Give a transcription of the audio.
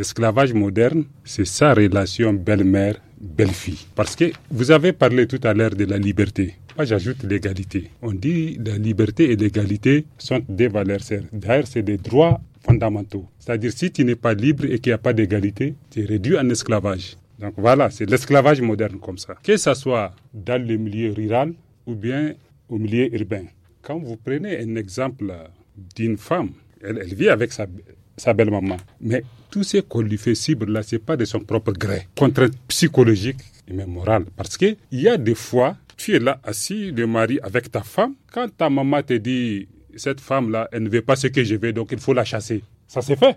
L'esclavage moderne, c'est sa relation belle-mère, belle-fille. Parce que vous avez parlé tout à l'heure de la liberté. Moi, j'ajoute l'égalité. On dit que la liberté et l'égalité sont des valeurs D'ailleurs, c'est des droits fondamentaux. C'est-à-dire, si tu n'es pas libre et qu'il n'y a pas d'égalité, tu es réduit en esclavage. Donc voilà, c'est l'esclavage moderne comme ça. Que ce soit dans le milieu rural ou bien au milieu urbain. Quand vous prenez un exemple d'une femme, elle, elle vit avec sa, sa belle-maman. Mais tout ce qu'on lui fait cible là, c'est pas de son propre gré. Contrainte psychologique et même morale. Parce qu'il y a des fois, tu es là assis, le mari avec ta femme. Quand ta maman te dit, cette femme là, elle ne veut pas ce que je veux, donc il faut la chasser. Ça s'est fait.